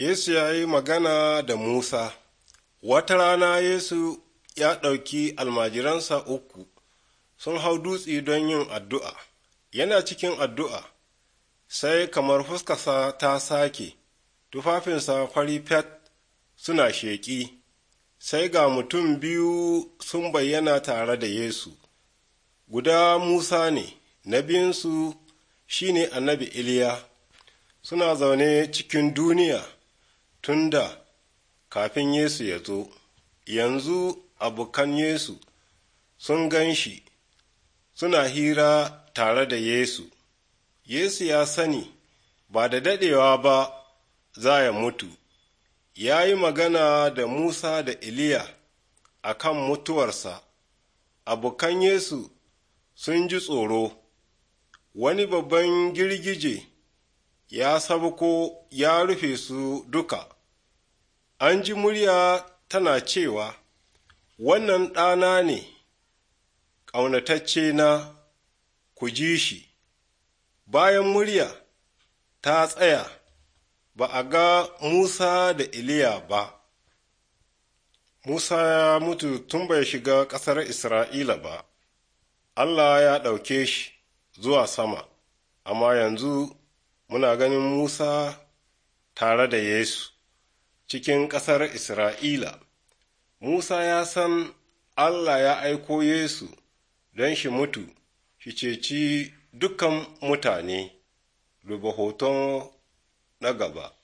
Yesu ya yi magana da Musa, wata rana Yesu ya ɗauki almajiransa uku sun hau dutse don yin addu'a, yana cikin addu'a, sai kamar fuskasa ta sake, tufafinsa fari fet suna sheƙi, sai ga mutum biyu sun bayyana tare da Yesu, guda Musa ne, na biyunsu shi ne annabi Iliya, suna zaune cikin duniya. tunda kafin Yesu ya zo, yanzu abokan Yesu sun gan shi, suna hira tare da Yesu. Yesu ya sani ba da daɗewa ba za ya mutu, ya yi magana da Musa da Iliya a kan mutuwarsa, abokan Yesu sun ji tsoro, wani babban girgije ya sabko ya rufe su duka, an ji murya tana cewa, Wannan ɗana ne, ƙaunatacce na ku ji shi, bayan murya ta tsaya, ba a ga Musa da Iliya ba. Musa ya mutu tun bai shiga ƙasar Isra'ila ba, Allah ya ɗauke shi zuwa sama, amma yanzu muna ganin Musa tare da Yesu cikin ƙasar Isra'ila. Musa ya san Allah ya aiko Yesu don shi mutu, shi ceci dukan mutane, ruba hoton na gaba.